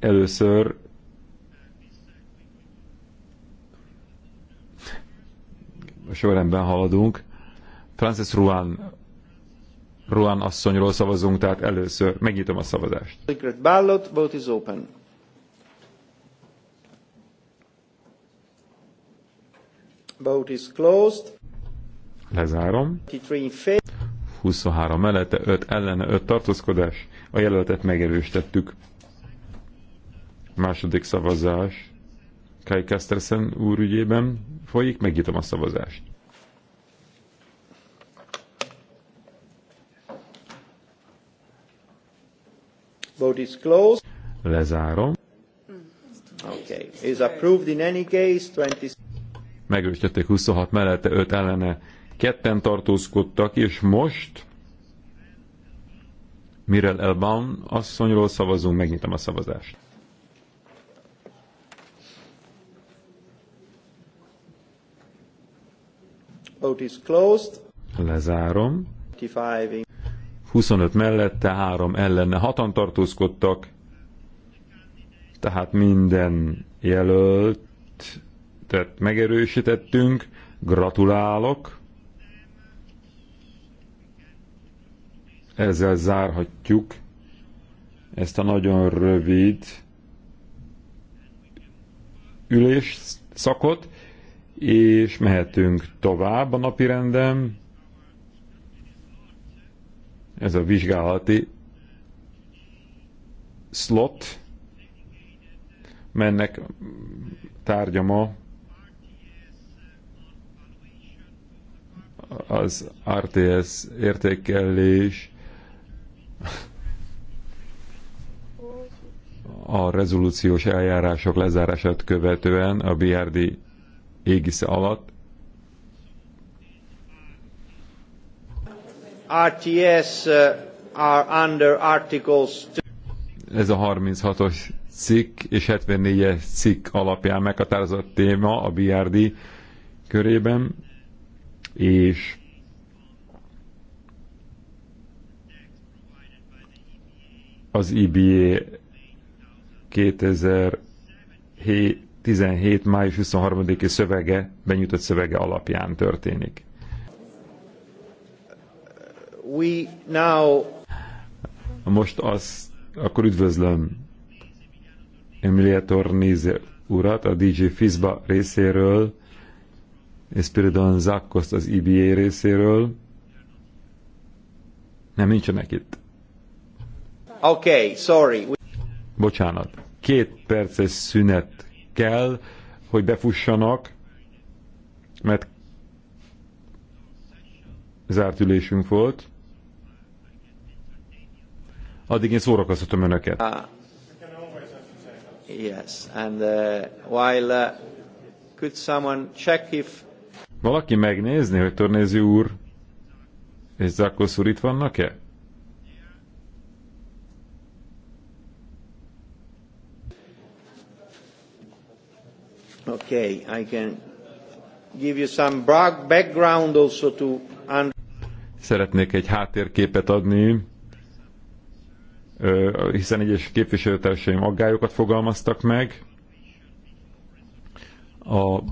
Először a sorrendben haladunk. Frances Ruan Ruan asszonyról szavazunk, tehát először megnyitom a szavazást. Secret ballot, vote is open. Vote is closed. Lezárom. 23 mellette, 5 ellene, 5 tartózkodás. A jelöltet megerősítettük. Második szavazás Kai Kestersen úr ügyében folyik, megnyitom a szavazást. Vote is closed. Lezárom. Okay. Is approved in any case 20... 26 mellette, 5 ellene. Ketten tartózkodtak, és most Mirel Elban asszonyról szavazunk, megnyitom a szavazást. Lezárom. 25 mellette, 3 ellenne 6-an tartózkodtak. Tehát minden jelöltet tehát megerősítettünk. Gratulálok! Ezzel zárhatjuk ezt a nagyon rövid ülés szakot és mehetünk tovább a rendem. Ez a vizsgálati slot, mennek tárgya ma az RTS értékelés a rezolúciós eljárások lezárását követően a BRD égisze alatt. RTS uh, are under articles ez a 36-os cikk és 74-es cikk alapján meghatározott téma a BRD körében, és az IBA 2007 17. május 23-i szövege, benyújtott szövege alapján történik. We now... Most az, akkor üdvözlöm Emilia Tornize urat a DJ Fizba részéről, és Spiridon Zakkoszt az IBA e részéről. Nem, nincsenek itt. Okay, sorry. Bocsánat. Két perces szünet kell, hogy befussanak, mert zárt ülésünk volt. Addig én szórakoztatom önöket. Uh, yes, and uh, while uh, could someone check if... Valaki megnézni, hogy Tornézi úr és Zákosz úr itt vannak-e? Okay, I can give you some background also to... Szeretnék egy háttérképet adni, hiszen egyes képviselőtársaim aggályokat fogalmaztak meg. A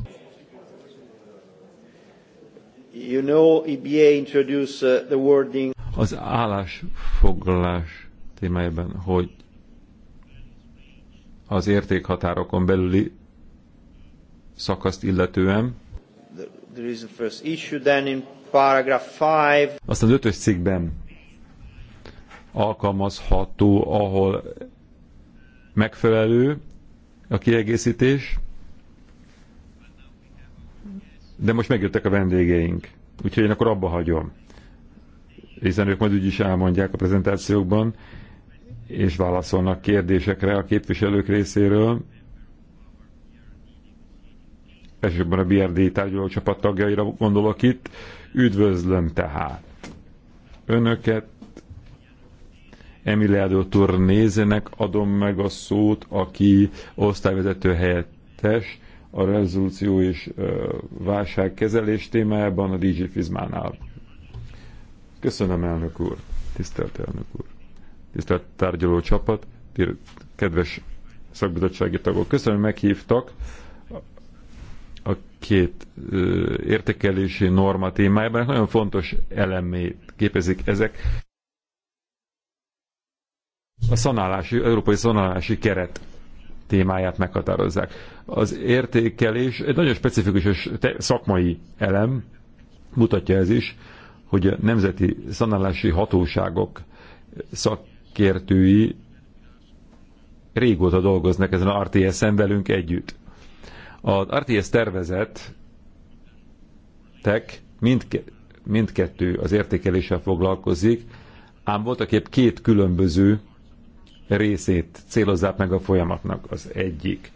You know, EBA introduce uh, the wording. Az állásfoglalás témájában, hogy az értékhatárokon belüli szakaszt illetően. Aztán az ötös cikkben alkalmazható, ahol megfelelő a kiegészítés, de most megjöttek a vendégeink, úgyhogy én akkor abba hagyom. Hiszen ők majd úgyis elmondják a prezentációkban, és válaszolnak kérdésekre a képviselők részéről, elsősorban a BRD tárgyalócsapat tagjaira gondolok itt. Üdvözlöm tehát önöket, Emiliádó Turnézenek adom meg a szót, aki osztályvezető helyettes a rezolúció és válságkezelés témájában a DJ Fizmánál. Köszönöm, elnök úr, tisztelt elnök úr, tisztelt tárgyaló csapat, kedves szakbizottsági tagok, köszönöm, meghívtak a két ö, értékelési norma témájában nagyon fontos elemét képezik ezek. A szanálási, európai szanálási keret témáját meghatározzák. Az értékelés egy nagyon specifikus és szakmai elem, mutatja ez is, hogy a nemzeti szanálási hatóságok szakértői régóta dolgoznak ezen a RTS-en velünk együtt. Az RTS tervezet tek mindke, mindkettő az értékeléssel foglalkozik, ám voltak épp két különböző részét célozzák meg a folyamatnak. Az egyik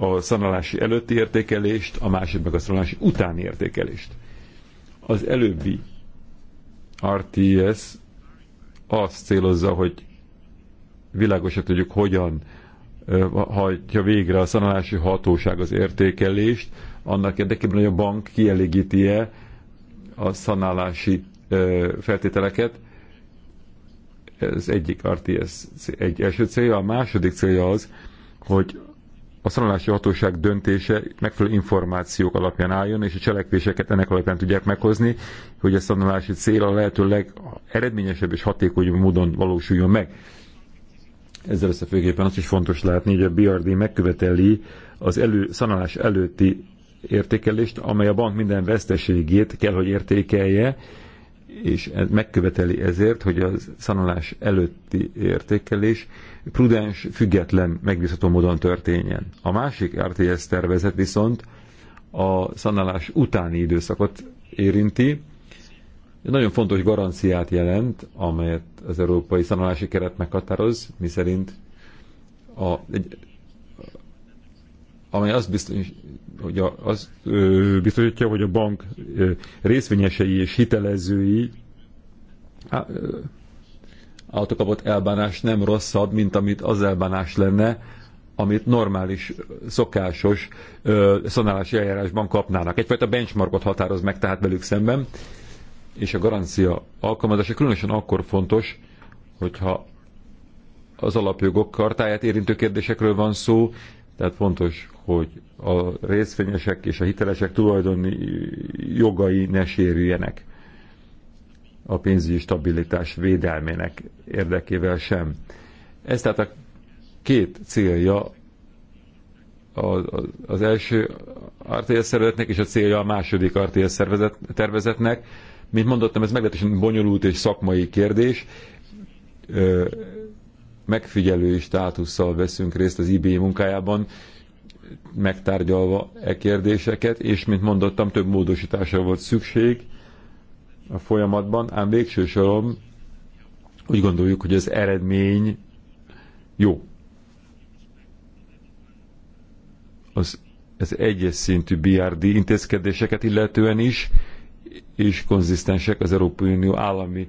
a szanalási előtti értékelést, a másik meg a szanalási utáni értékelést. Az előbbi RTS azt célozza, hogy világosan tudjuk, hogyan hajtja végre a szanálási hatóság az értékelést, annak érdekében, hogy a bank kielégíti-e a szanálási feltételeket. Ez egyik RTS egy első célja. A második célja az, hogy a szanálási hatóság döntése megfelelő információk alapján álljon, és a cselekvéseket ennek alapján tudják meghozni, hogy a szanalási cél a lehető legeredményesebb és hatékony módon valósuljon meg. Ezzel összefüggésben azt is fontos látni, hogy a BRD megköveteli az elő, szanalás előtti értékelést, amely a bank minden veszteségét kell, hogy értékelje, és megköveteli ezért, hogy a szanalás előtti értékelés prudens, független, megbízható módon történjen. A másik RTS tervezet viszont a szanalás utáni időszakot érinti, nagyon fontos garanciát jelent, amelyet az európai szanálási keret meghatároz, miszerint a, egy, amely azt, biztos, hogy a, azt ö, biztosítja, hogy a bank ö, részvényesei és hitelezői autokapott elbánás nem rosszabb, mint amit az elbánás lenne, amit normális, szokásos ö, szanálási eljárásban kapnának. Egyfajta benchmarkot határoz meg tehát velük szemben. Ö, és a garancia alkalmazása különösen akkor fontos, hogyha az alapjogok kartáját érintő kérdésekről van szó, tehát fontos, hogy a részvényesek és a hitelesek tulajdoni jogai ne sérüljenek a pénzügyi stabilitás védelmének érdekével sem. Ez tehát a két célja az első RTS szervezetnek és a célja a második RTS szervezet, tervezetnek, mint mondottam, ez meglehetősen bonyolult és szakmai kérdés. Megfigyelői státusszal veszünk részt az IBI munkájában, megtárgyalva e kérdéseket, és mint mondottam, több módosításra volt szükség a folyamatban, ám végső soron úgy gondoljuk, hogy az eredmény jó. Az, az egyes szintű BRD intézkedéseket illetően is, és konzisztensek az Európai Unió állami,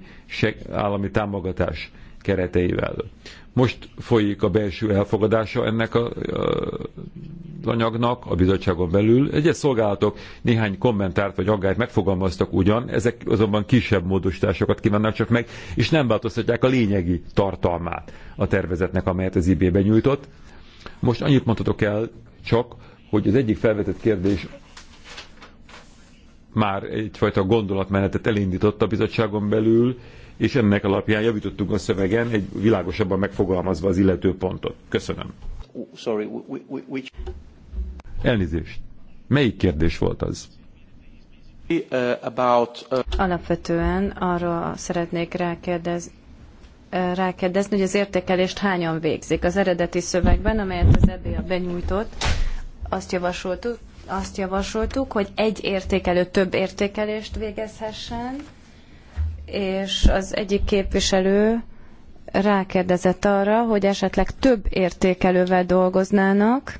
állami támogatás kereteivel. Most folyik a belső elfogadása ennek a, a, anyagnak a bizottságon belül. Egyes szolgálatok néhány kommentárt vagy aggályt megfogalmaztak ugyan, ezek azonban kisebb módosításokat kívánnak csak meg, és nem változtatják a lényegi tartalmát a tervezetnek, amelyet az IB-ben nyújtott. Most annyit mondhatok el csak, hogy az egyik felvetett kérdés már egyfajta gondolatmenetet elindított a bizottságon belül, és ennek alapján javítottunk a szövegen, egy világosabban megfogalmazva az illető pontot. Köszönöm. Sorry, which... Elnézést. Melyik kérdés volt az? Eh, eh, Alapvetően arra szeretnék rákérdezni, eh, rákérdezni, hogy az értékelést hányan végzik. Az eredeti szövegben, amelyet az EBA benyújtott, azt javasoltuk, azt javasoltuk, hogy egy értékelő több értékelést végezhessen, és az egyik képviselő rákérdezett arra, hogy esetleg több értékelővel dolgoznának,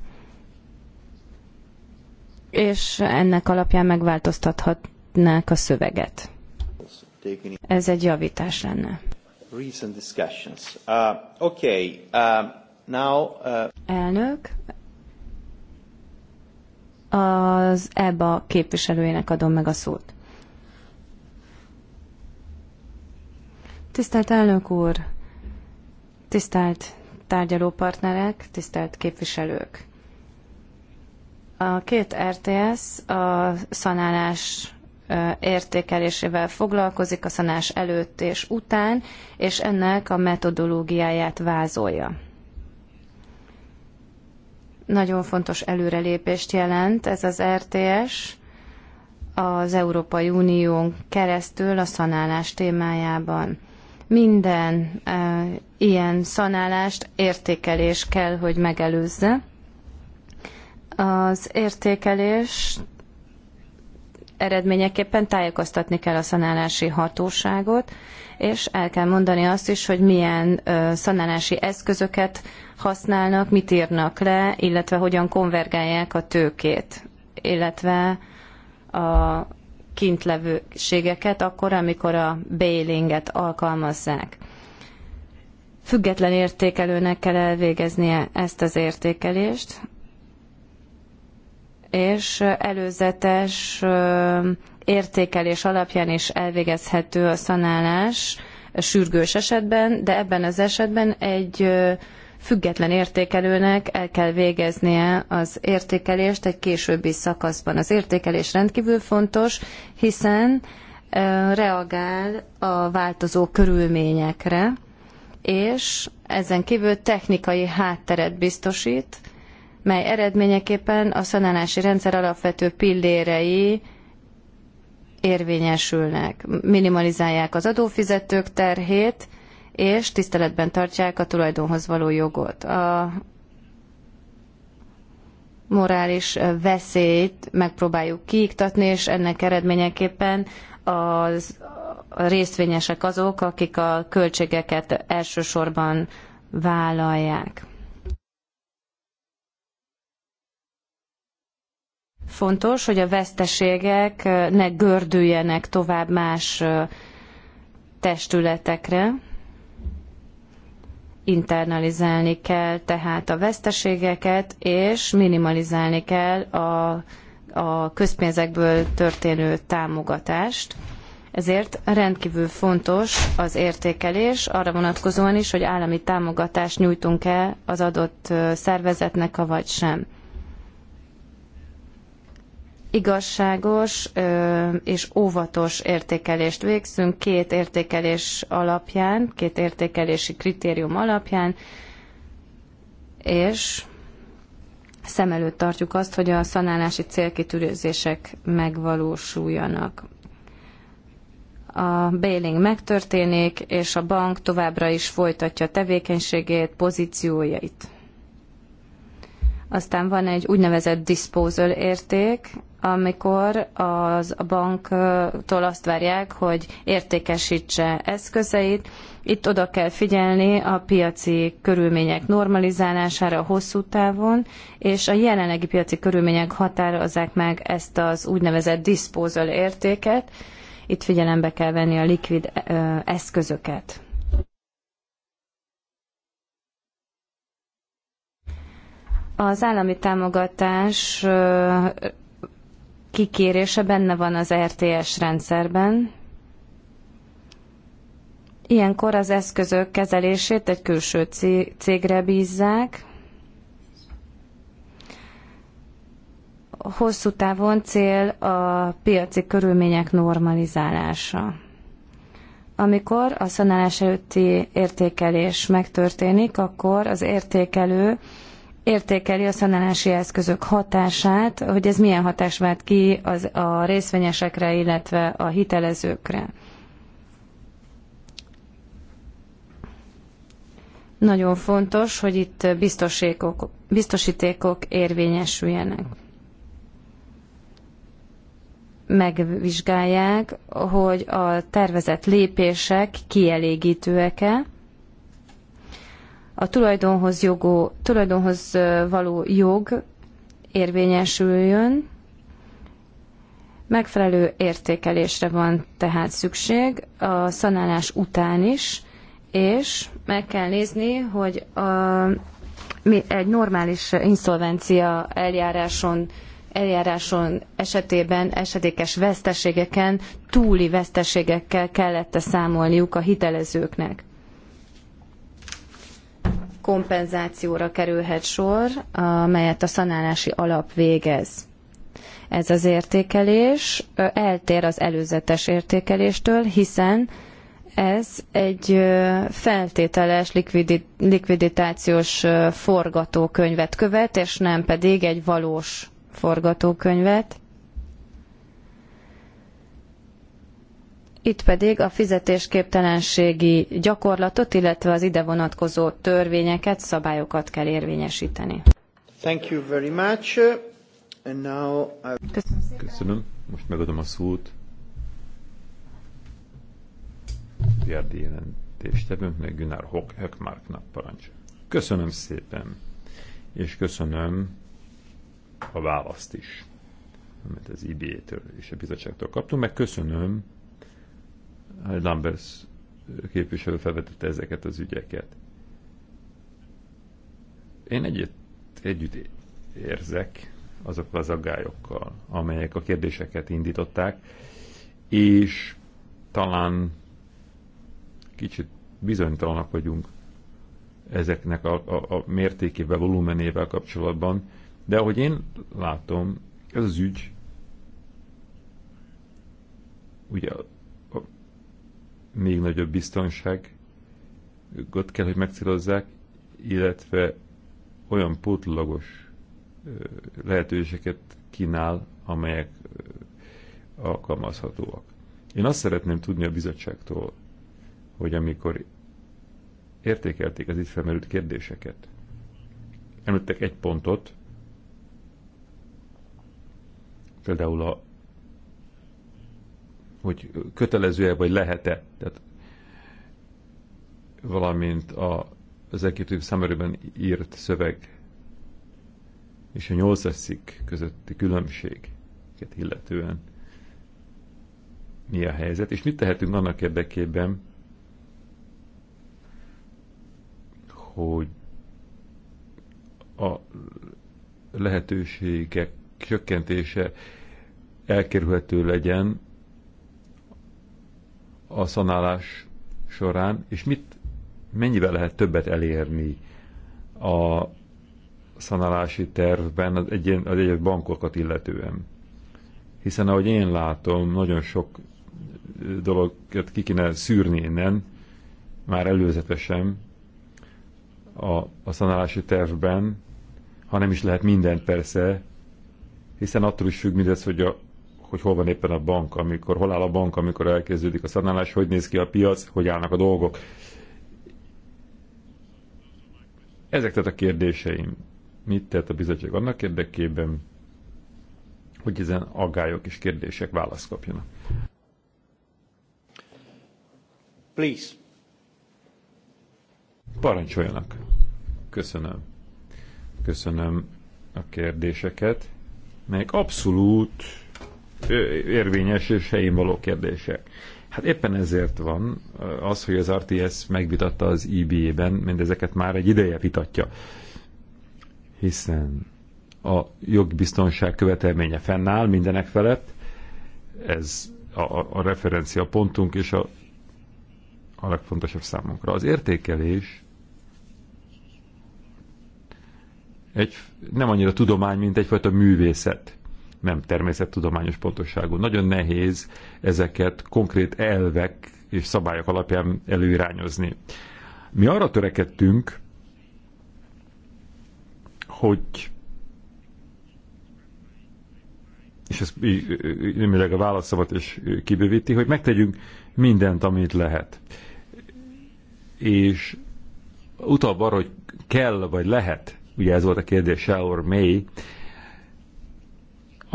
és ennek alapján megváltoztathatnák a szöveget. Ez egy javítás lenne. Uh, uh, uh, Elnök az EBA képviselőjének adom meg a szót. Tisztelt elnök úr, tisztelt tárgyalópartnerek, tisztelt képviselők! A két RTS a szanálás értékelésével foglalkozik a szanás előtt és után, és ennek a metodológiáját vázolja. Nagyon fontos előrelépést jelent ez az RTS az Európai Unión keresztül a szanálás témájában. Minden e, ilyen szanálást értékelés kell, hogy megelőzze. Az értékelést eredményeképpen tájékoztatni kell a szanálási hatóságot, és el kell mondani azt is, hogy milyen szanálási eszközöket használnak, mit írnak le, illetve hogyan konvergálják a tőkét, illetve a kintlevőségeket akkor, amikor a bailinget alkalmazzák. Független értékelőnek kell elvégeznie ezt az értékelést, és előzetes értékelés alapján is elvégezhető a szanálás sürgős esetben, de ebben az esetben egy független értékelőnek el kell végeznie az értékelést egy későbbi szakaszban. Az értékelés rendkívül fontos, hiszen reagál a változó körülményekre, és ezen kívül technikai hátteret biztosít, mely eredményeképpen a szanálási rendszer alapvető pillérei érvényesülnek, minimalizálják az adófizetők terhét, és tiszteletben tartják a tulajdonhoz való jogot. A morális veszélyt megpróbáljuk kiiktatni, és ennek eredményeképpen az a részvényesek azok, akik a költségeket elsősorban vállalják. Fontos, hogy a veszteségek ne gördüljenek tovább más testületekre. Internalizálni kell tehát a veszteségeket, és minimalizálni kell a, a közpénzekből történő támogatást. Ezért rendkívül fontos az értékelés arra vonatkozóan is, hogy állami támogatást nyújtunk-e az adott szervezetnek, avagy sem igazságos és óvatos értékelést végzünk két értékelés alapján, két értékelési kritérium alapján, és szem előtt tartjuk azt, hogy a szanálási célkitűzések megvalósuljanak. A bailing megtörténik, és a bank továbbra is folytatja tevékenységét, pozíciójait. Aztán van egy úgynevezett disposal érték, amikor az a banktól azt várják, hogy értékesítse eszközeit. Itt oda kell figyelni a piaci körülmények normalizálására hosszú távon, és a jelenlegi piaci körülmények határozzák meg ezt az úgynevezett disposal értéket. Itt figyelembe kell venni a likvid eszközöket. Az állami támogatás kikérése benne van az RTS rendszerben. Ilyenkor az eszközök kezelését egy külső cégre bízzák. Hosszú távon cél a piaci körülmények normalizálása. Amikor a szanálás előtti értékelés megtörténik, akkor az értékelő értékeli a szanálási eszközök hatását, hogy ez milyen hatás vált ki az, a részvényesekre, illetve a hitelezőkre. Nagyon fontos, hogy itt biztosítékok, biztosítékok érvényesüljenek. Megvizsgálják, hogy a tervezett lépések kielégítőek-e, a tulajdonhoz, jogó, tulajdonhoz való jog érvényesüljön, megfelelő értékelésre van tehát szükség a szanálás után is, és meg kell nézni, hogy a, mi egy normális inszolvencia eljáráson eljáráson esetében esedékes veszteségeken túli veszteségekkel kellett -e számolniuk a hitelezőknek kompenzációra kerülhet sor, amelyet a szanálási alap végez. Ez az értékelés eltér az előzetes értékeléstől, hiszen ez egy feltételes likviditációs forgatókönyvet követ, és nem pedig egy valós forgatókönyvet. itt pedig a fizetésképtelenségi gyakorlatot, illetve az ide vonatkozó törvényeket, szabályokat kell érvényesíteni. Thank you very much. And now I... Köszönöm, Köszönöm. Most megadom a szót. Járdi jelentéstevőnk, meg Gunnar Höckmarknak parancs. Köszönöm szépen, és köszönöm a választ is, amit az IBA-től és a bizottságtól kaptunk, meg köszönöm Lambers képviselő felvetette ezeket az ügyeket. Én együtt, együtt érzek azokkal az aggályokkal, amelyek a kérdéseket indították, és talán kicsit bizonytalanak vagyunk ezeknek a, a, a mértékével, volumenével kapcsolatban, de ahogy én látom, ez az ügy ugye még nagyobb biztonságot kell, hogy megcélozzák, illetve olyan pótlagos lehetőségeket kínál, amelyek alkalmazhatóak. Én azt szeretném tudni a bizottságtól, hogy amikor értékelték az itt felmerült kérdéseket, említettek egy pontot, például a hogy kötelező-e vagy lehet-e. Tehát, valamint a, az Executive szemerőben írt szöveg és a nyolc eszik közötti különbséget illetően mi a helyzet, és mit tehetünk annak érdekében, hogy a lehetőségek csökkentése elkerülhető legyen, a szanálás során, és mit, mennyivel lehet többet elérni a szanálási tervben az egyes az egy bankokat illetően. Hiszen ahogy én látom, nagyon sok dologot ki kéne szűrni innen, már előzetesen a, a szanálási tervben, ha nem is lehet mindent persze, hiszen attól is függ mindez, hogy a hogy hol van éppen a bank, amikor, hol áll a bank, amikor elkezdődik a szanálás, hogy néz ki a piac, hogy állnak a dolgok. Ezek tehát a kérdéseim. Mit tett a bizottság annak érdekében, hogy ezen aggályok és kérdések választ kapjanak? Please. Parancsoljanak. Köszönöm. Köszönöm a kérdéseket, melyek abszolút érvényes és helyén való kérdések. Hát éppen ezért van az, hogy az RTS megvitatta az IBA-ben, mindezeket már egy ideje vitatja. Hiszen a jogbiztonság követelménye fennáll mindenek felett, ez a, a referencia pontunk és a, a legfontosabb számunkra. Az értékelés egy, nem annyira tudomány, mint egyfajta művészet nem természettudományos pontosságú. Nagyon nehéz ezeket konkrét elvek és szabályok alapján előirányozni. Mi arra törekedtünk, hogy és ez némileg a válaszomat is kibővíti, hogy megtegyünk mindent, amit lehet. És utalva arra, hogy kell vagy lehet, ugye ez volt a kérdés, shall or may,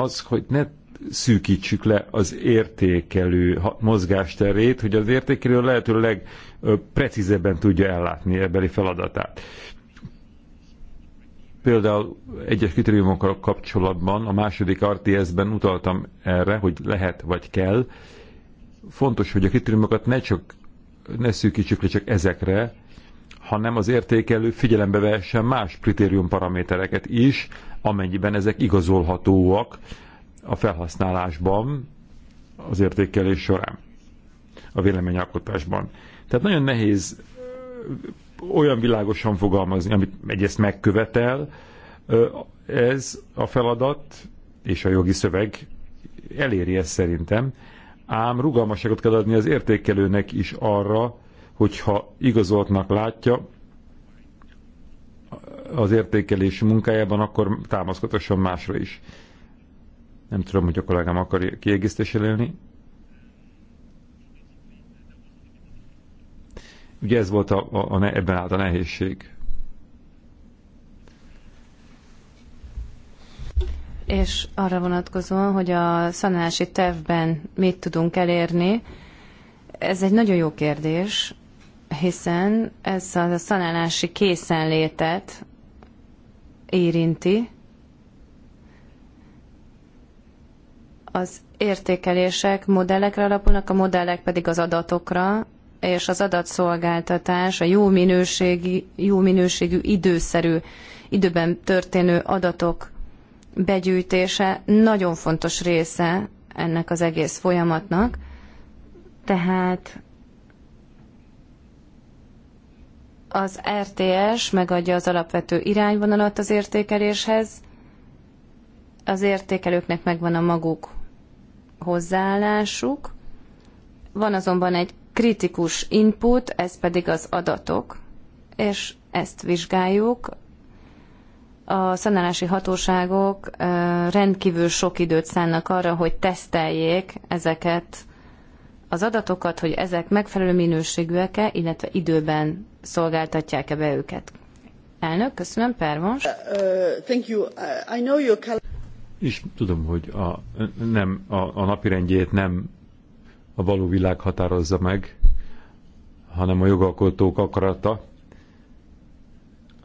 az, hogy ne szűkítsük le az értékelő mozgásterét, hogy az értékelő lehetőleg precízebben tudja ellátni ebbeli feladatát. Például egyes kritériumokkal kapcsolatban a második RTS-ben utaltam erre, hogy lehet vagy kell. Fontos, hogy a kritériumokat ne csak ne szűkítsük le csak ezekre, hanem az értékelő figyelembe vehessen más kritériumparamétereket is, amennyiben ezek igazolhatóak a felhasználásban, az értékelés során, a véleményalkotásban. Tehát nagyon nehéz olyan világosan fogalmazni, amit egyrészt megkövetel, ez a feladat, és a jogi szöveg eléri ezt szerintem, ám rugalmasságot kell adni az értékelőnek is arra, hogyha igazoltnak látja, az értékelési munkájában, akkor támaszkodhasson másra is. Nem tudom, hogy a kollégám akar kiegészítés élni. Ugye ez volt a, a, a, ebben állt a nehézség. És arra vonatkozóan, hogy a szanási tervben mit tudunk elérni, ez egy nagyon jó kérdés, hiszen ez a szanálási készenlétet érinti. Az értékelések modellekre alapulnak, a modellek pedig az adatokra, és az adatszolgáltatás, a jó, minőségi, jó minőségű, időszerű, időben történő adatok begyűjtése nagyon fontos része ennek az egész folyamatnak. Tehát Az RTS megadja az alapvető irányvonalat az értékeléshez, az értékelőknek megvan a maguk hozzáállásuk, van azonban egy kritikus input, ez pedig az adatok, és ezt vizsgáljuk. A szanálási hatóságok rendkívül sok időt szánnak arra, hogy teszteljék ezeket az adatokat, hogy ezek megfelelő minőségűek-e, illetve időben szolgáltatják-e be őket. Elnök, köszönöm, Pervons. Uh, uh, thank you. I know your és tudom, hogy a, nem, a, a napirendjét nem a való világ határozza meg, hanem a jogalkotók akarata.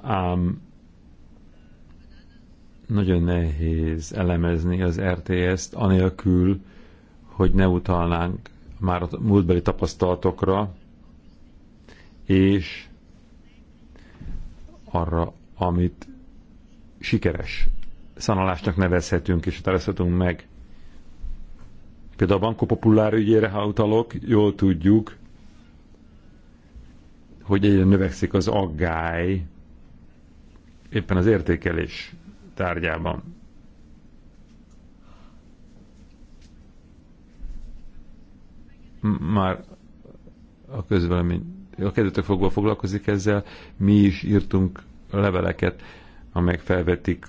Ám nagyon nehéz elemezni az RTS-t, anélkül, hogy ne utalnánk már a múltbeli tapasztalatokra, és arra, amit sikeres szanalásnak nevezhetünk, és tereszhetünk meg. Például a Banco Populár ügyére, ha utalok, jól tudjuk, hogy egyre növekszik az aggály éppen az értékelés tárgyában. már a közvelemény, a kezdetek fogva foglalkozik ezzel, mi is írtunk leveleket, amelyek felvetik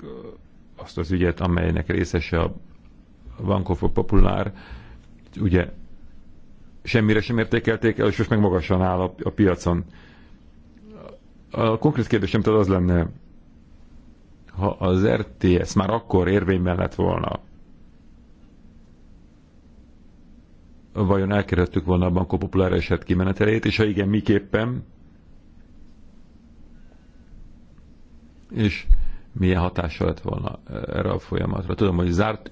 azt az ügyet, amelynek részese a Banco Populár. Popular, ugye semmire sem értékelték el, és most meg magasan áll a, a piacon. A konkrét kérdésem tehát az lenne, ha az RTS már akkor érvényben lett volna, vajon elkerültük volna a bankok populára eset kimenetelét, és ha igen, miképpen, és milyen hatása lett volna eh, erre a folyamatra. Tudom, hogy zárt,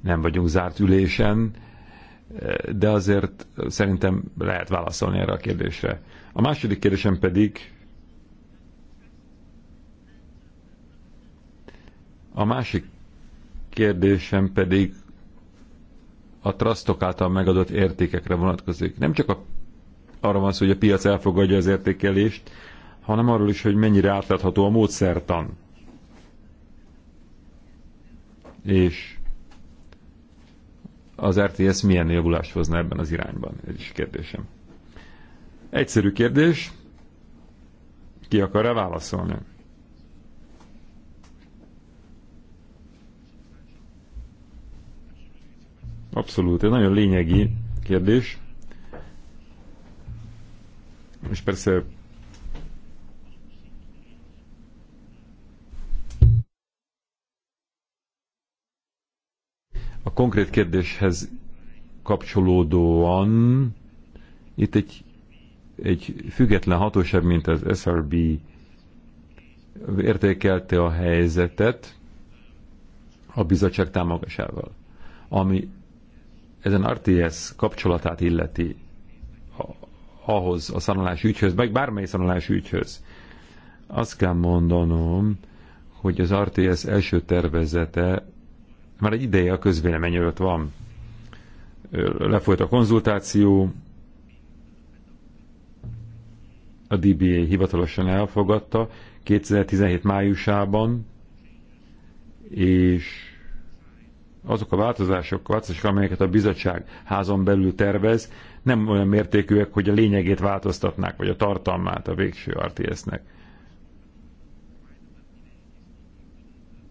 nem vagyunk zárt ülésen, eh, de azért szerintem lehet válaszolni erre a kérdésre. A második kérdésem pedig a másik kérdésem pedig a trustok által megadott értékekre vonatkozik. Nem csak a, arra van szó, hogy a piac elfogadja az értékelést, hanem arról is, hogy mennyire átlátható a módszertan. És az RTS milyen javulást hozna ebben az irányban? Ez is kérdésem. Egyszerű kérdés, ki akar-e válaszolni? Abszolút, egy nagyon lényegi kérdés. És persze a konkrét kérdéshez kapcsolódóan itt egy, egy független hatóság, mint az SRB értékelte a helyzetet a bizottság támogatásával, ami ezen RTS kapcsolatát illeti ahhoz a szanalás ügyhöz, meg bármely szanalás ügyhöz, azt kell mondanom, hogy az RTS első tervezete már egy ideje a közvélemény előtt van. Lefolyt a konzultáció, a DBA hivatalosan elfogadta 2017 májusában, és azok a változások, változások, amelyeket a bizottság házon belül tervez, nem olyan mértékűek, hogy a lényegét változtatnák, vagy a tartalmát a végső RTS-nek.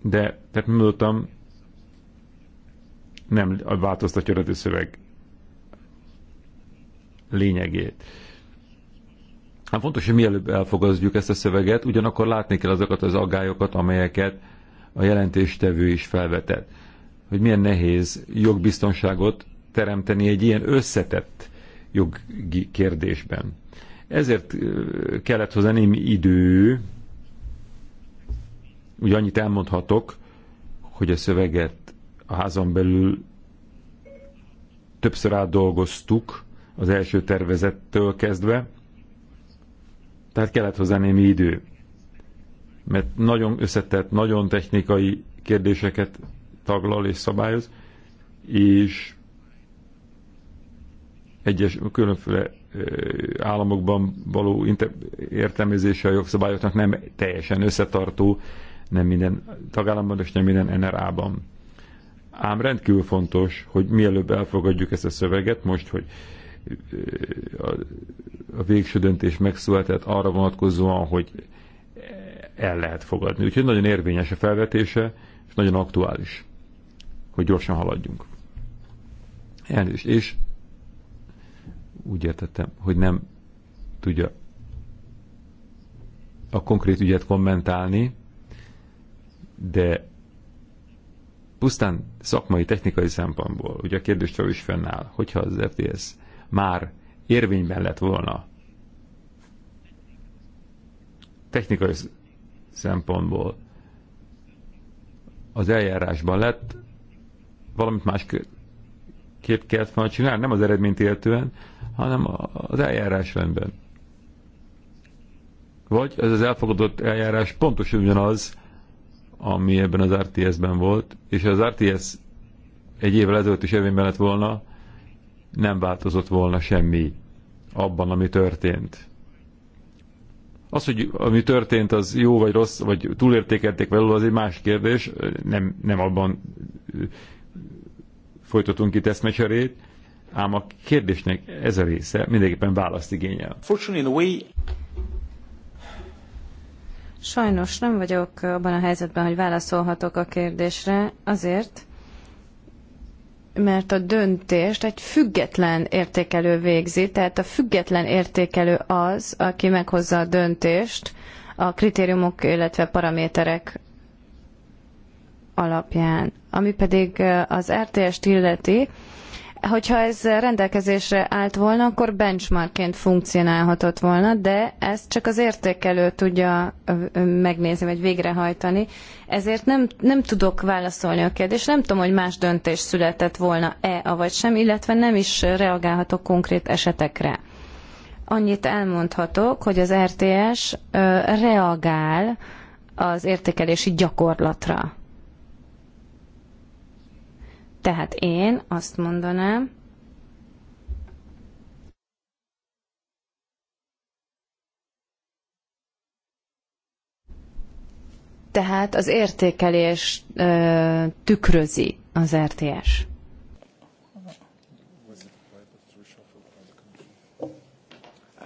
De, tehát mondottam, nem változtatja a szöveg lényegét. Hát fontos, hogy mielőbb elfogadjuk ezt a szöveget, ugyanakkor látni kell azokat az aggályokat, amelyeket a jelentéstevő is felvetett hogy milyen nehéz jogbiztonságot teremteni egy ilyen összetett jogi kérdésben. Ezért kellett hozzá némi idő, úgy annyit elmondhatok, hogy a szöveget a házon belül többször átdolgoztuk, az első tervezettől kezdve, tehát kellett hozzá némi idő, mert nagyon összetett, nagyon technikai kérdéseket taglal és szabályoz, és egyes különféle államokban való értelmezése a jogszabályoknak nem teljesen összetartó, nem minden tagállamban és nem minden NRA-ban. Ám rendkívül fontos, hogy mielőbb elfogadjuk ezt a szöveget, most, hogy a, végső döntés megszületett arra vonatkozóan, hogy el lehet fogadni. Úgyhogy nagyon érvényes a felvetése, és nagyon aktuális hogy gyorsan haladjunk. Elnézést. És úgy értettem, hogy nem tudja a konkrét ügyet kommentálni, de pusztán szakmai, technikai szempontból, ugye a kérdés csak is fennáll, hogyha az FTS már érvényben lett volna technikai szempontból az eljárásban lett, valamit másképp kellett volna csinálni, nem az eredményt illetően, hanem az rendben. Vagy ez az elfogadott eljárás pontosan ugyanaz, ami ebben az RTS-ben volt, és az RTS egy évvel ezelőtt is érvényben lett volna, nem változott volna semmi abban, ami történt. Az, hogy ami történt, az jó vagy rossz, vagy túlértékelték velül, az egy más kérdés, nem, nem abban folytatunk itt mecserét, ám a kérdésnek ez a része mindenképpen választ igényel. Sajnos nem vagyok abban a helyzetben, hogy válaszolhatok a kérdésre, azért, mert a döntést egy független értékelő végzi, tehát a független értékelő az, aki meghozza a döntést a kritériumok, illetve paraméterek alapján. Ami pedig az RTS-t illeti, hogyha ez rendelkezésre állt volna, akkor benchmarkként funkcionálhatott volna, de ezt csak az értékelő tudja megnézni, vagy végrehajtani. Ezért nem, nem tudok válaszolni a kérdést, nem tudom, hogy más döntés született volna-e, vagy sem, illetve nem is reagálhatok konkrét esetekre. Annyit elmondhatok, hogy az RTS reagál az értékelési gyakorlatra tehát én azt mondanám, tehát az értékelés ö, tükrözi az RTS.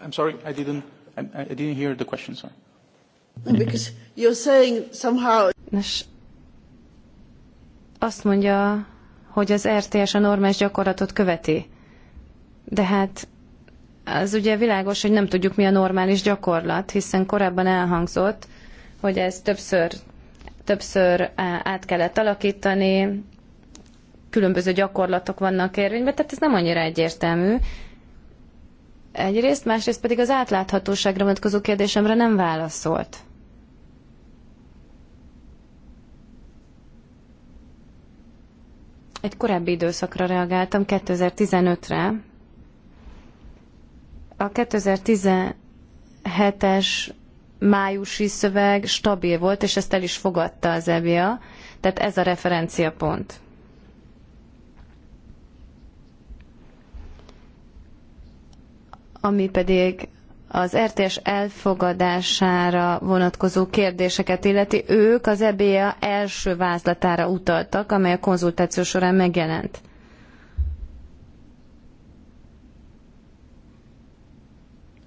I'm sorry, I didn't, I didn't hear the question, sorry. Because you're saying somehow... Nos, azt mondja hogy az RTS a normális gyakorlatot követi. De hát az ugye világos, hogy nem tudjuk, mi a normális gyakorlat, hiszen korábban elhangzott, hogy ez többször, többször át kellett alakítani, különböző gyakorlatok vannak érvényben, tehát ez nem annyira egyértelmű. Egyrészt, másrészt pedig az átláthatóságra vonatkozó kérdésemre nem válaszolt. egy korábbi időszakra reagáltam, 2015-re. A 2017-es májusi szöveg stabil volt, és ezt el is fogadta az EBIA, tehát ez a referenciapont. Ami pedig az RTS elfogadására vonatkozó kérdéseket illeti, ők az EBA első vázlatára utaltak, amely a konzultáció során megjelent.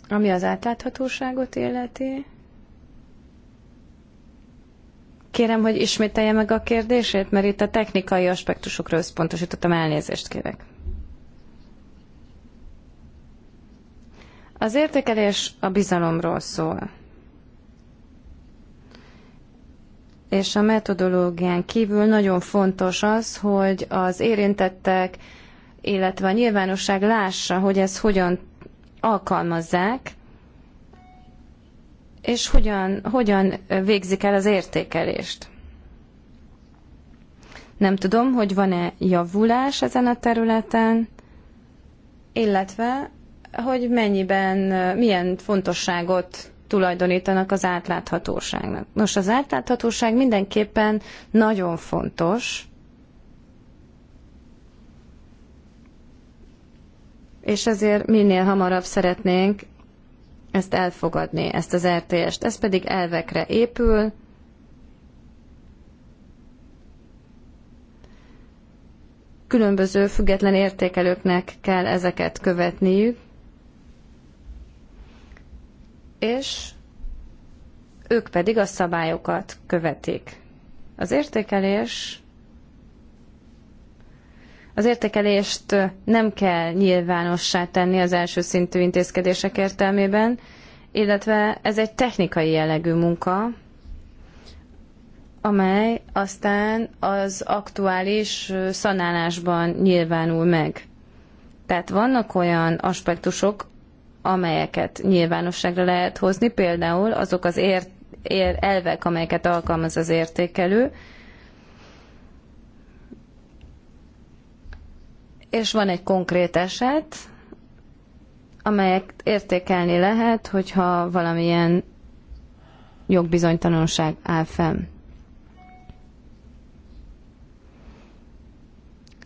Ami az átláthatóságot illeti. Kérem, hogy ismételje meg a kérdését, mert itt a technikai aspektusokra összpontosítottam, elnézést kérek. Az értékelés a bizalomról szól. És a metodológián kívül nagyon fontos az, hogy az érintettek, illetve a nyilvánosság lássa, hogy ezt hogyan alkalmazzák, és hogyan, hogyan végzik el az értékelést. Nem tudom, hogy van-e javulás ezen a területen, illetve hogy mennyiben, milyen fontosságot tulajdonítanak az átláthatóságnak. Nos, az átláthatóság mindenképpen nagyon fontos, és ezért minél hamarabb szeretnénk ezt elfogadni, ezt az RTS-t. Ez pedig elvekre épül, különböző független értékelőknek kell ezeket követniük, és ők pedig a szabályokat követik. Az értékelés az értékelést nem kell nyilvánossá tenni az első szintű intézkedések értelmében, illetve ez egy technikai jellegű munka, amely aztán az aktuális szanálásban nyilvánul meg. Tehát vannak olyan aspektusok, amelyeket nyilvánosságra lehet hozni, például azok az ér, ér, elvek, amelyeket alkalmaz az értékelő, és van egy konkrét eset, amelyet értékelni lehet, hogyha valamilyen jogbizonytalanság áll fenn.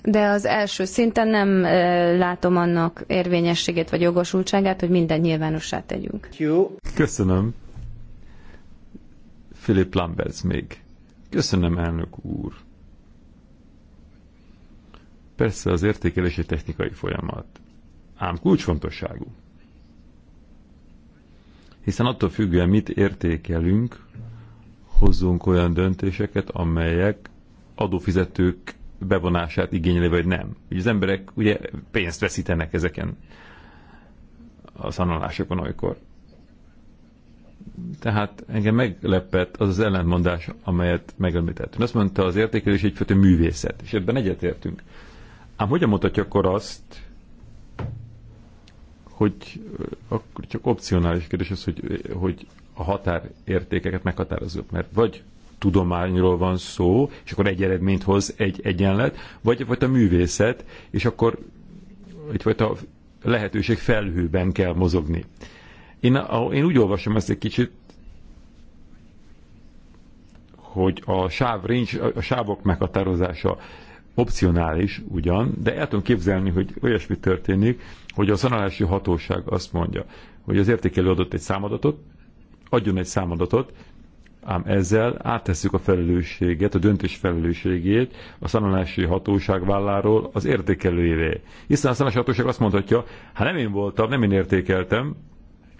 de az első szinten nem látom annak érvényességét vagy jogosultságát, hogy minden nyilvánossá tegyünk. Köszönöm. Philip Lamberts még. Köszönöm, elnök úr. Persze az értékelés egy technikai folyamat, ám kulcsfontosságú. Hiszen attól függően, mit értékelünk, hozzunk olyan döntéseket, amelyek adófizetők bevonását igényli, vagy nem. Ugye az emberek ugye pénzt veszítenek ezeken a szanalásokon olykor. Tehát engem meglepett az az ellentmondás, amelyet megemlítettem. Azt mondta az értékelés egyfajta művészet, és ebben egyetértünk. Ám hogyan mutatja akkor azt, hogy akkor csak opcionális kérdés az, hogy, hogy a határértékeket meghatározzuk, mert vagy tudományról van szó, és akkor egy eredményt hoz egy egyenlet, vagy, vagy a művészet, és akkor vagy a lehetőség felhőben kell mozogni. Én, a, én úgy olvasom ezt egy kicsit, hogy a, sáv, a sávok meghatározása opcionális ugyan, de el tudom képzelni, hogy olyasmi történik, hogy a szanálási hatóság azt mondja, hogy az értékelő adott egy számadatot, adjon egy számadatot, ám ezzel áttesszük a felelősséget, a döntés felelősségét a szanalási hatóság válláról az értékelőjévé. Hiszen a szanalási hatóság azt mondhatja, ha nem én voltam, nem én értékeltem,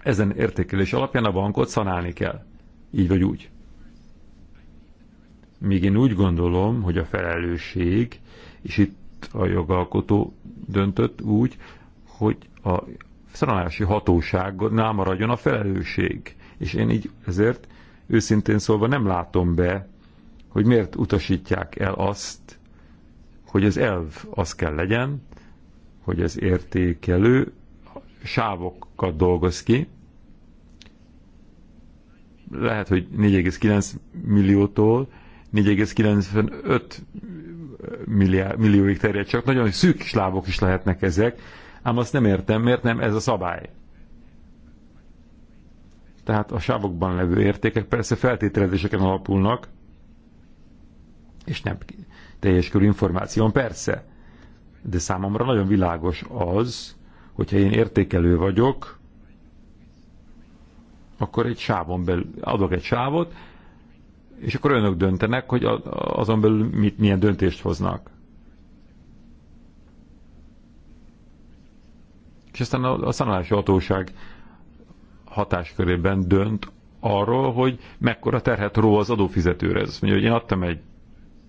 ezen értékelés alapján a bankot szanálni kell. Így vagy úgy. Míg én úgy gondolom, hogy a felelősség, és itt a jogalkotó döntött úgy, hogy a szanalási hatóságnál maradjon a felelősség. És én így ezért őszintén szólva nem látom be, hogy miért utasítják el azt, hogy az elv az kell legyen, hogy az értékelő sávokat dolgoz ki, lehet, hogy 4,9 milliótól 4,95 milliárd, millióig terjed, csak nagyon szűk slábok is lehetnek ezek, ám azt nem értem, miért nem ez a szabály. Tehát a sávokban levő értékek persze feltételezéseken alapulnak, és nem teljes körű információn, persze. De számomra nagyon világos az, hogyha én értékelő vagyok, akkor egy sávon belül adok egy sávot, és akkor önök döntenek, hogy azon belül mit, milyen döntést hoznak. És aztán a, a szanálási hatóság hatáskörében dönt arról, hogy mekkora terhet ró az adófizetőre. Ez mondja, hogy én adtam egy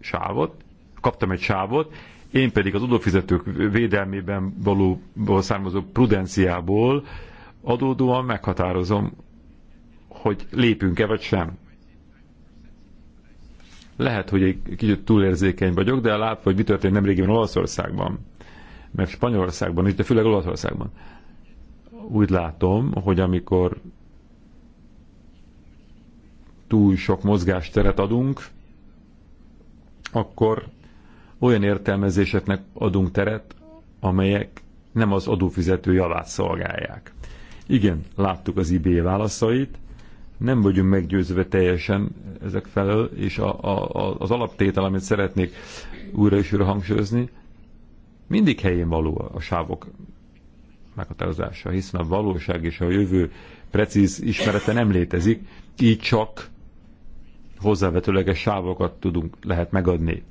sávot, kaptam egy sávot, én pedig az adófizetők védelmében való származó prudenciából adódóan meghatározom, hogy lépünk-e vagy sem. Lehet, hogy egy kicsit túlérzékeny vagyok, de látva, hogy mi történt nemrégiben Olaszországban, meg Spanyolországban is, de főleg Olaszországban úgy látom, hogy amikor túl sok mozgásteret adunk, akkor olyan értelmezéseknek adunk teret, amelyek nem az adófizető javát szolgálják. Igen, láttuk az IBA válaszait, nem vagyunk meggyőzve teljesen ezek felől, és a, a, az alaptétel, amit szeretnék újra és újra hangsúlyozni, mindig helyén való a sávok meghatározása, hiszen a valóság és a jövő precíz ismerete nem létezik, így csak hozzávetőleges sávokat tudunk, lehet megadni.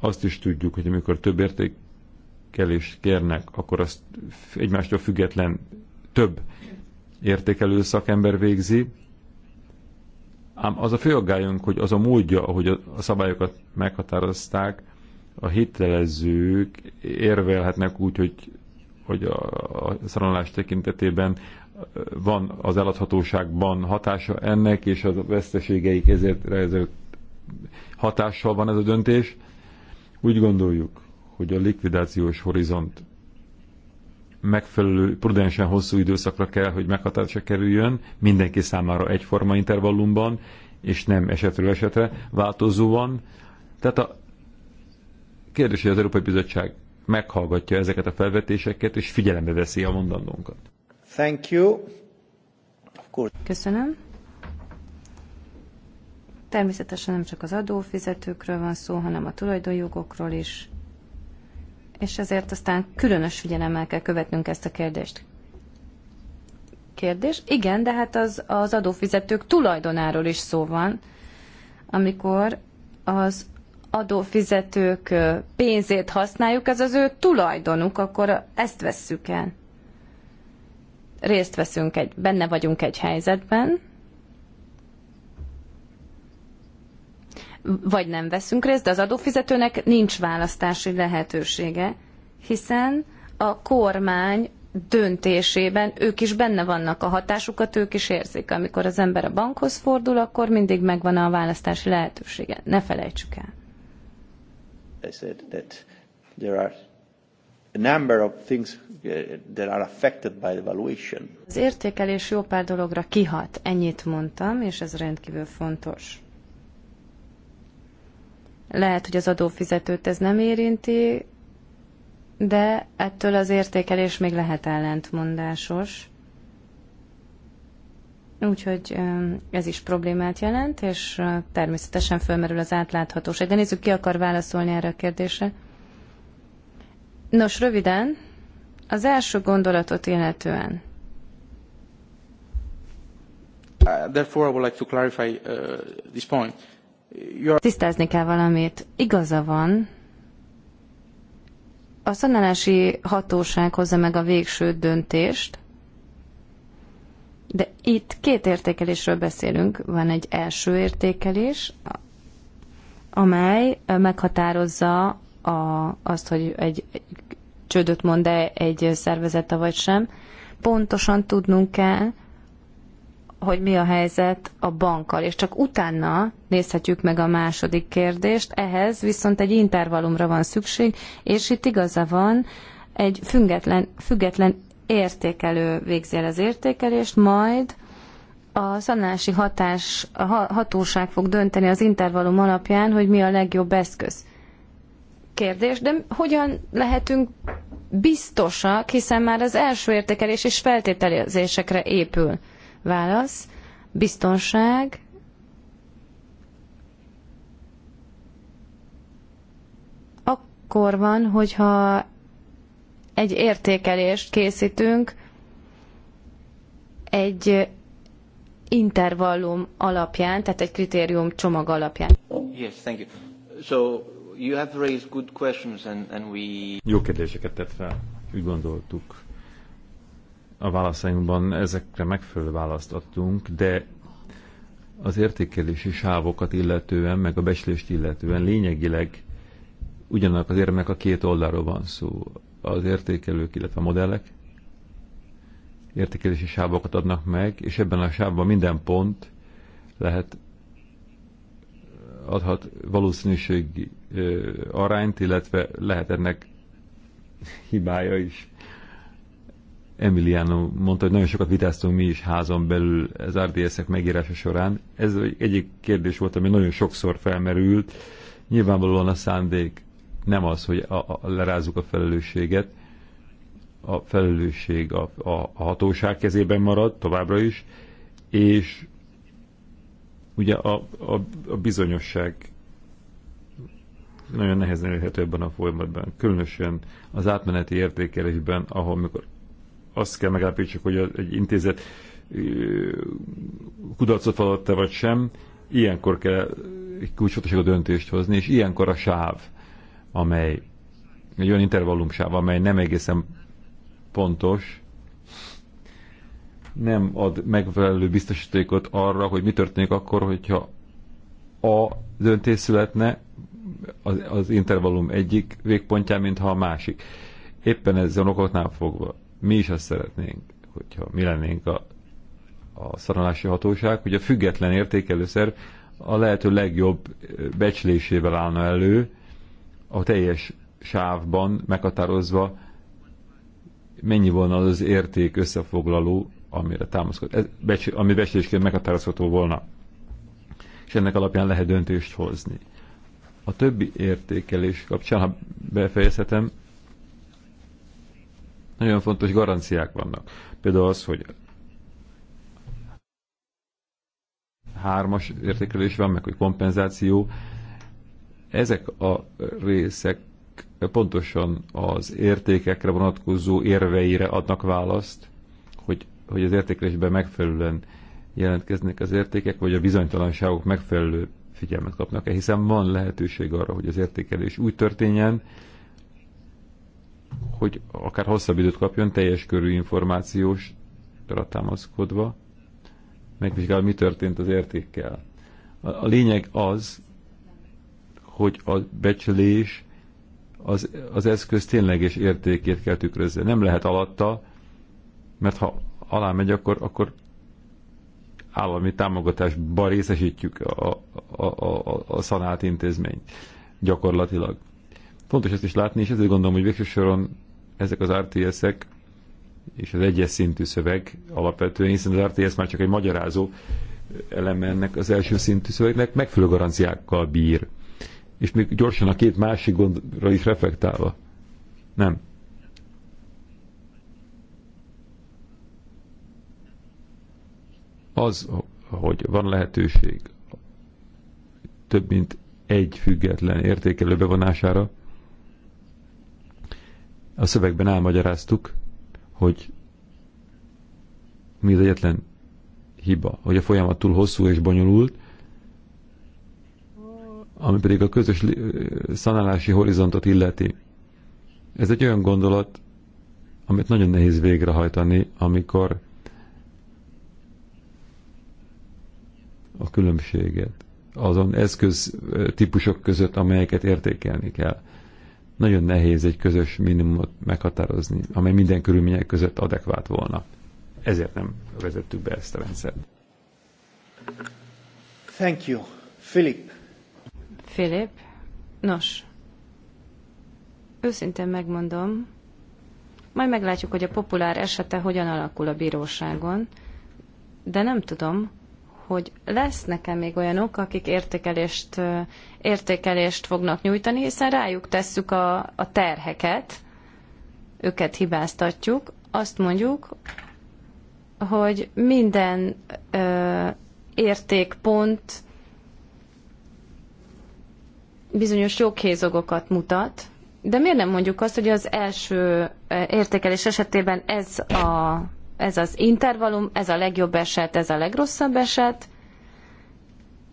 Azt is tudjuk, hogy amikor több értékelést kérnek, akkor azt egymástól független több értékelő szakember végzi, ám az a főaggályunk, hogy az a módja, ahogy a szabályokat meghatározták, a hitelezők érvelhetnek úgy, hogy hogy a szanalás tekintetében van az eladhatóságban hatása ennek, és a veszteségeik ezért, ezért hatással van ez a döntés. Úgy gondoljuk, hogy a likvidációs horizont megfelelő, prudensen hosszú időszakra kell, hogy meghatározásra kerüljön, mindenki számára egyforma intervallumban, és nem esetről esetre változóan. Tehát a kérdés, hogy az Európai Bizottság meghallgatja ezeket a felvetéseket, és figyelembe veszi a mondandónkat. Thank you. Köszönöm. Természetesen nem csak az adófizetőkről van szó, hanem a tulajdonjogokról is, és ezért aztán különös figyelemmel kell követnünk ezt a kérdést. Kérdés? Igen, de hát az, az adófizetők tulajdonáról is szó van, amikor az adófizetők pénzét használjuk, ez az ő tulajdonuk, akkor ezt vesszük el. Részt veszünk egy, benne vagyunk egy helyzetben, vagy nem veszünk részt, de az adófizetőnek nincs választási lehetősége, hiszen a kormány döntésében ők is benne vannak, a hatásukat ők is érzik. Amikor az ember a bankhoz fordul, akkor mindig megvan a választási lehetősége. Ne felejtsük el. I said that there are a number of things uh, that are affected by the valuation. Az értékelés jó pár dologra kihat, ennyit mondtam, és ez rendkívül fontos. Lehet, hogy az adófizetőt ez nem érinti, de ettől az értékelés még lehet ellentmondásos. Úgyhogy ez is problémát jelent, és természetesen fölmerül az átláthatóság. De nézzük, ki akar válaszolni erre a kérdésre. Nos, röviden, az első gondolatot illetően. Uh, uh, Tisztázni kell valamit. Igaza van, a szanálási hatóság hozza meg a végső döntést, de itt két értékelésről beszélünk. Van egy első értékelés, amely meghatározza a, azt, hogy egy csődöt mond-e egy szervezete vagy sem. Pontosan tudnunk kell, hogy mi a helyzet a bankkal, és csak utána nézhetjük meg a második kérdést. Ehhez viszont egy intervallumra van szükség, és itt igaza van, egy független, független értékelő végzi el az értékelést, majd a szanási hatás, a hatóság fog dönteni az intervallum alapján, hogy mi a legjobb eszköz. Kérdés, de hogyan lehetünk biztosak, hiszen már az első értékelés is feltételezésekre épül. Válasz, biztonság, akkor van, hogyha egy értékelést készítünk egy intervallum alapján, tehát egy kritérium csomag alapján. Yes, thank you. So you have raised good questions and, and we... Jó kérdéseket tett fel, úgy gondoltuk. A válaszainkban ezekre megfelelő választ adtunk, de az értékelési sávokat illetően, meg a beslést illetően lényegileg ugyanak az érmek a két oldalról van szó az értékelők, illetve a modellek értékelési sávokat adnak meg, és ebben a sávban minden pont lehet adhat valószínűségi arányt, illetve lehet ennek hibája is. Emiliano mondta, hogy nagyon sokat vitáztunk mi is házon belül az RDS-ek megírása során. Ez egyik kérdés volt, ami nagyon sokszor felmerült. Nyilvánvalóan a szándék nem az, hogy a, a, lerázzuk a felelősséget, a felelősség a, a, a hatóság kezében marad továbbra is, és ugye a, a, a bizonyosság nagyon nehezen érhető ebben a folyamatban, különösen az átmeneti értékelésben, ahol mikor azt kell megállapítsuk, hogy egy intézet kudarcot vallott-e vagy sem, ilyenkor kell egy kulcsfontosságú döntést hozni, és ilyenkor a sáv amely egy olyan intervallumsáv, amely nem egészen pontos, nem ad megfelelő biztosítékot arra, hogy mi történik akkor, hogyha a döntés születne az, az intervallum egyik végpontján, mintha a másik. Éppen ezen okoknál fogva mi is azt szeretnénk, hogyha mi lennénk a, a szaralási hatóság, hogy a független értékelőszer a lehető legjobb becslésével állna elő, a teljes sávban meghatározva mennyi volna az az érték összefoglaló, amire támaszkod, ez, ami becsülésként meghatározható volna. És ennek alapján lehet döntést hozni. A többi értékelés kapcsán, ha befejezhetem, nagyon fontos garanciák vannak. Például az, hogy hármas értékelés van, meg hogy kompenzáció, ezek a részek pontosan az értékekre vonatkozó érveire adnak választ, hogy, hogy az értékelésben megfelelően jelentkeznek az értékek, vagy a bizonytalanságok megfelelő figyelmet kapnak-e, hiszen van lehetőség arra, hogy az értékelés úgy történjen, hogy akár hosszabb időt kapjon, teljes körű információs támaszkodva, megvizsgál, mi történt az értékkel. A, a lényeg az, hogy a becslés az, az eszköz tényleges értékét kell tükrözze. Nem lehet alatta, mert ha alá megy, akkor, akkor állami támogatásba részesítjük a, a, a, a szanált intézményt gyakorlatilag. Fontos ezt is látni, és ezért gondolom, hogy végső soron ezek az RTS-ek és az egyes szintű szöveg alapvetően, hiszen az RTS már csak egy magyarázó eleme ennek az első szintű szövegnek, megfelelő garanciákkal bír és még gyorsan a két másik gondra is reflektálva. Nem. Az, hogy van lehetőség több mint egy független értékelő bevonására, a szövegben elmagyaráztuk, hogy mi az egyetlen hiba, hogy a folyamat túl hosszú és bonyolult, ami pedig a közös szanálási horizontot illeti. Ez egy olyan gondolat, amit nagyon nehéz végrehajtani, amikor a különbséget azon eszköz típusok között, amelyeket értékelni kell. Nagyon nehéz egy közös minimumot meghatározni, amely minden körülmények között adekvát volna. Ezért nem vezettük be ezt a rendszert. Thank you. Philip. Philip, nos, őszintén megmondom, majd meglátjuk, hogy a populár esete hogyan alakul a bíróságon, de nem tudom, hogy lesz nekem még olyanok, akik értékelést, értékelést fognak nyújtani, hiszen rájuk tesszük a, a terheket, őket hibáztatjuk, azt mondjuk, hogy minden ö, értékpont bizonyos joghézogokat mutat, de miért nem mondjuk azt, hogy az első eh, értékelés esetében ez, a, ez az intervallum, ez a legjobb eset, ez a legrosszabb eset,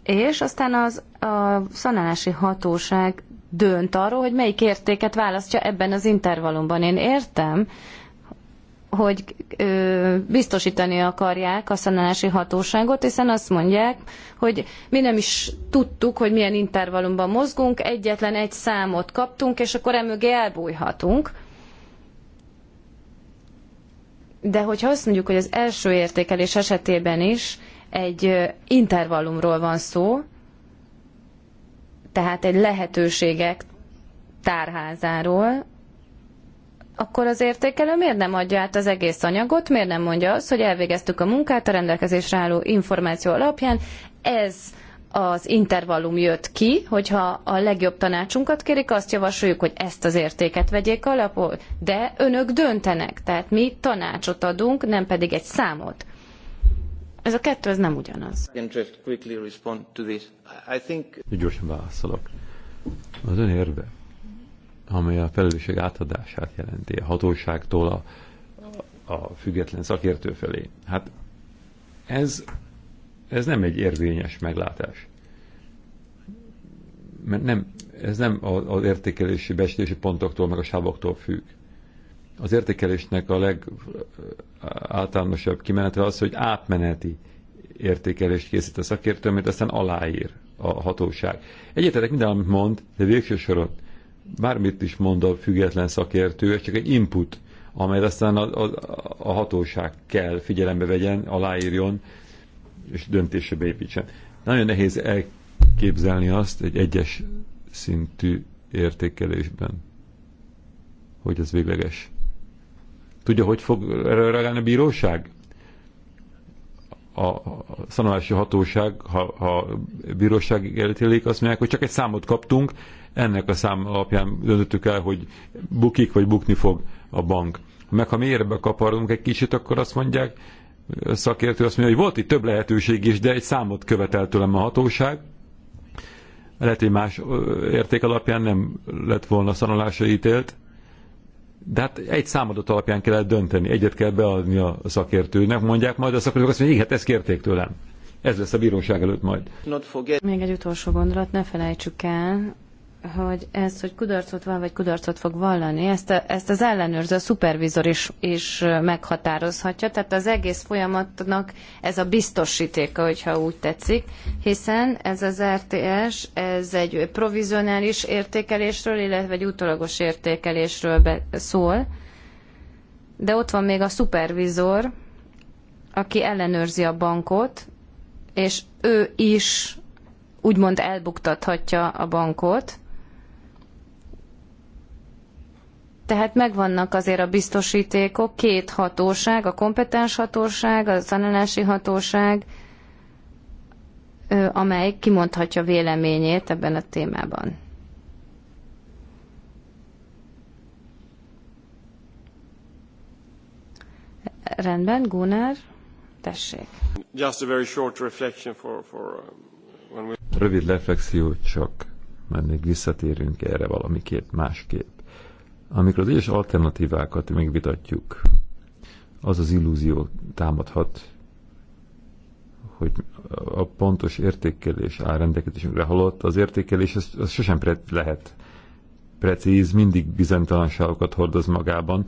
és aztán az, a szanálási hatóság dönt arról, hogy melyik értéket választja ebben az intervallumban. Én értem, hogy ö, biztosítani akarják a szanálási hatóságot, hiszen azt mondják, hogy mi nem is tudtuk, hogy milyen intervallumban mozgunk, egyetlen egy számot kaptunk, és akkor emögé elbújhatunk. De hogyha azt mondjuk, hogy az első értékelés esetében is egy intervallumról van szó, tehát egy lehetőségek tárházáról, akkor az értékelő miért nem adja át az egész anyagot, miért nem mondja azt, hogy elvégeztük a munkát a rendelkezésre álló információ alapján, ez az intervallum jött ki, hogyha a legjobb tanácsunkat kérik, azt javasoljuk, hogy ezt az értéket vegyék alapul, de önök döntenek, tehát mi tanácsot adunk, nem pedig egy számot. Ez a kettő, ez nem ugyanaz. Gyorsan válaszolok. Az ön érve, amely a felelősség átadását jelenti a hatóságtól a, a független szakértő felé. Hát ez, ez nem egy érvényes meglátás. Mert nem, ez nem az értékelési, bestélési pontoktól, meg a sávoktól függ. Az értékelésnek a legáltalánosabb kimenete az, hogy átmeneti értékelést készít a szakértő, amit aztán aláír a hatóság. Egyetetek minden, amit mond, de végső soron bármit is mond a független szakértő, ez csak egy input, amelyet aztán a, a, a hatóság kell figyelembe vegyen, aláírjon, és döntése beépítsen. Nagyon nehéz elképzelni azt egy egyes szintű értékelésben, hogy ez végleges. Tudja, hogy fog reagálni a bíróság? a szanolási hatóság, ha, ha bíróság elítélik, azt mondják, hogy csak egy számot kaptunk, ennek a szám alapján döntöttük el, hogy bukik vagy bukni fog a bank. Meg ha mélyebbre kaparunk egy kicsit, akkor azt mondják, a szakértő azt mondja, hogy volt itt több lehetőség is, de egy számot követelt tőlem a hatóság, lehet, hogy más érték alapján nem lett volna szanalásra ítélt, de hát egy számadat alapján kellett dönteni, egyet kell beadni a szakértőnek, mondják majd a szakértők azt mondja, hogy hát ezt kérték tőlem. Ez lesz a bíróság előtt majd. Még egy utolsó gondolat, ne felejtsük el, hogy ez, hogy kudarcot van, vagy kudarcot fog vallani, ezt, a, ezt az ellenőrző, a szupervizor is, is meghatározhatja. Tehát az egész folyamatnak ez a biztosítéka, hogyha úgy tetszik, hiszen ez az RTS, ez egy provizionális értékelésről, illetve egy utolagos értékelésről be, szól, de ott van még a szupervizor, aki ellenőrzi a bankot, és ő is úgymond elbuktathatja a bankot, Tehát megvannak azért a biztosítékok, két hatóság, a kompetens hatóság, a szanálási hatóság, amely kimondhatja véleményét ebben a témában. Rendben, Gunnar, tessék. Just a very short reflection for, for uh, when we... Rövid reflexió, csak mennék visszatérünk erre valamiképp másképp. Amikor az egyes alternatívákat megvitatjuk, az az illúzió támadhat, hogy a pontos értékelés áll rendelkezésünkre halott, az értékelés az, az sosem pre- lehet precíz, mindig bizonytalanságokat hordoz magában.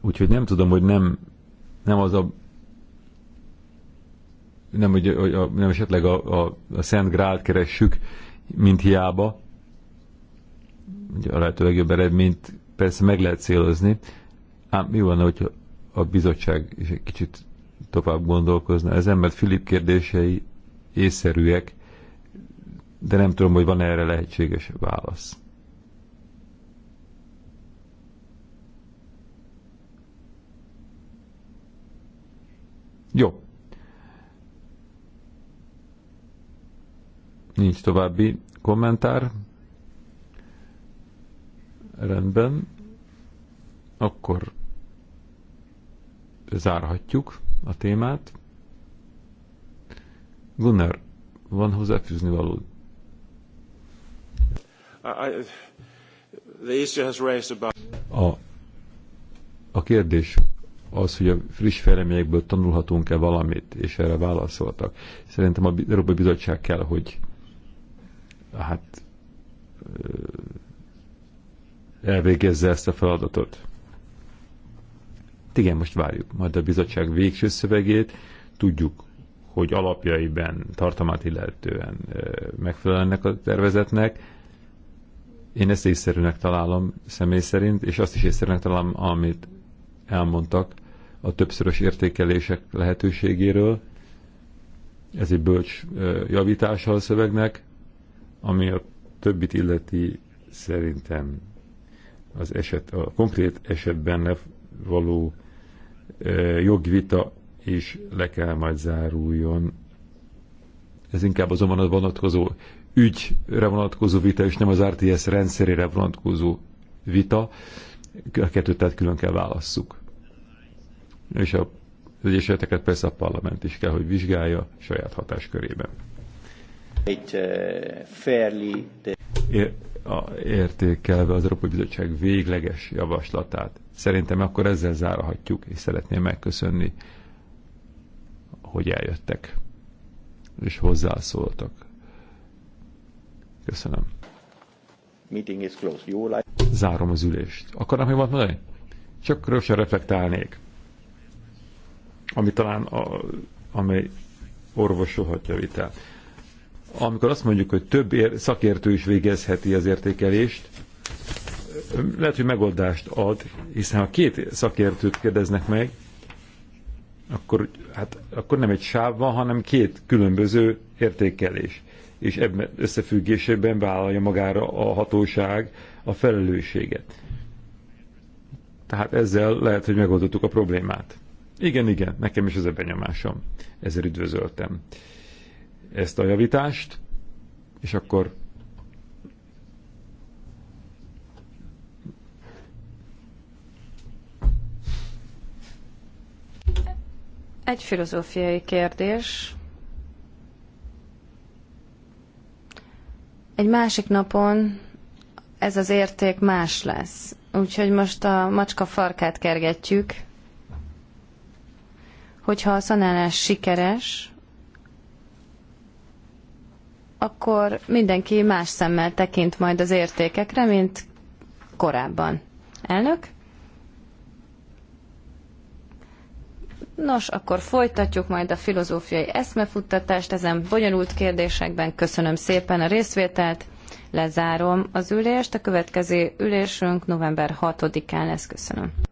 Úgyhogy nem tudom, hogy nem, nem az a nem, hogy, a, nem esetleg a, a, a Szent Grált keressük, mint hiába, a lehető legjobb eredményt persze meg lehet célozni, ám mi van, hogy a bizottság is egy kicsit tovább gondolkozna ezen, mert Filip kérdései észszerűek, de nem tudom, hogy van -e erre lehetséges válasz. Jó. Nincs további kommentár. Rendben. Akkor zárhatjuk a témát. Gunnar, van hozzáfűzni valód? A, a kérdés az, hogy a friss fejleményekből tanulhatunk-e valamit, és erre válaszoltak. Szerintem a Európai Bizottság kell, hogy hát elvégezze ezt a feladatot. Igen, most várjuk majd a bizottság végső szövegét. Tudjuk, hogy alapjaiben, tartalmát illetően megfelelnek a tervezetnek. Én ezt észszerűnek találom személy szerint, és azt is észszerűnek találom, amit elmondtak a többszörös értékelések lehetőségéről. Ez egy bölcs javítása a szövegnek, ami a többit illeti szerintem az eset, a konkrét esetben való e, jogvita is le kell majd záruljon. Ez inkább azonban a vonatkozó ügyre vonatkozó vita, és nem az RTS rendszerére vonatkozó vita. A kettőt tehát külön kell válasszuk. És a az egyeseteket persze a parlament is kell, hogy vizsgálja saját hatáskörében. It, uh, e, fairly a, értékelve az Európai Bizottság végleges javaslatát. Szerintem akkor ezzel zárhatjuk, és szeretném megköszönni, hogy eljöttek és hozzászóltak. Köszönöm. Meeting is closed. Jó like... Zárom az ülést. Akarnám még valamit mondani? Csak röviden reflektálnék. Ami talán a, amely orvosolhatja a vitát amikor azt mondjuk, hogy több ér, szakértő is végezheti az értékelést, lehet, hogy megoldást ad, hiszen ha két szakértőt kérdeznek meg, akkor, hát, akkor nem egy sáv van, hanem két különböző értékelés. És ebben összefüggésében vállalja magára a hatóság a felelősséget. Tehát ezzel lehet, hogy megoldottuk a problémát. Igen, igen, nekem is ez a benyomásom. Ezért üdvözöltem ezt a javítást, és akkor Egy filozófiai kérdés. Egy másik napon ez az érték más lesz. Úgyhogy most a macska farkát kergetjük. Hogyha a szanálás sikeres, akkor mindenki más szemmel tekint majd az értékekre, mint korábban. Elnök? Nos, akkor folytatjuk majd a filozófiai eszmefuttatást ezen bonyolult kérdésekben. Köszönöm szépen a részvételt, lezárom az ülést. A következő ülésünk november 6-án lesz. Köszönöm.